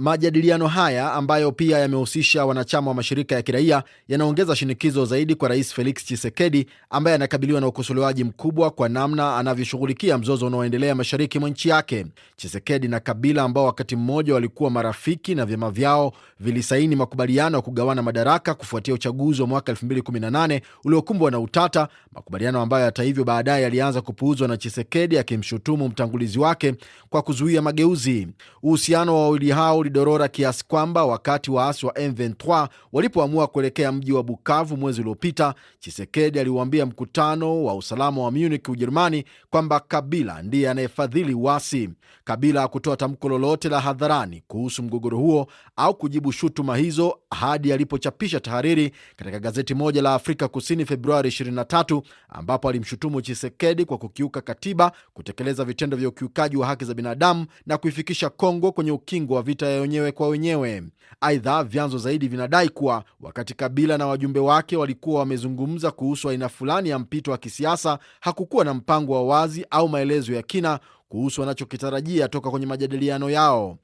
Majadiliano haya ambayo pia yamehusisha wanachama wa mashirika ya kiraia yanaongeza shinikizo zaidi kwa Rais Felix Tshisekedi ambaye anakabiliwa na ukosolewaji mkubwa kwa namna anavyoshughulikia mzozo unaoendelea mashariki mwa nchi yake. Tshisekedi na Kabila ambao wakati mmoja walikuwa marafiki na vyama vyao vilisaini makubaliano ya kugawana madaraka kufuatia uchaguzi wa mwaka 2018 uliokumbwa na utata, makubaliano ambayo hata hivyo baadaye yalianza kupuuzwa na Tshisekedi akimshutumu mtangulizi wake kwa kuzuia mageuzi. Uhusiano wa wawili hao ulidorora kiasi kwamba wakati waasi wa M23 walipoamua kuelekea mji wa Bukavu mwezi uliopita, Chisekedi aliuambia mkutano wa usalama wa Munich, Ujerumani, kwamba Kabila ndiye anayefadhili uasi. Kabila hakutoa tamko lolote la hadharani kuhusu mgogoro huo au kujibu shutuma hizo hadi alipochapisha tahariri katika gazeti moja la Afrika Kusini Februari 23, ambapo alimshutumu Chisekedi kwa kukiuka katiba, kutekeleza vitendo vya ukiukaji wa haki za binadamu na kuifikisha Kongo kwenye ukingo wa vita ya wenyewe kwa wenyewe. Aidha, vyanzo zaidi vinadai kuwa wakati Kabila na wajumbe wake walikuwa wamezungumza kuhusu aina fulani ya mpito wa kisiasa, hakukuwa na mpango wa wazi au maelezo ya kina kuhusu wanachokitarajia toka kwenye majadiliano yao.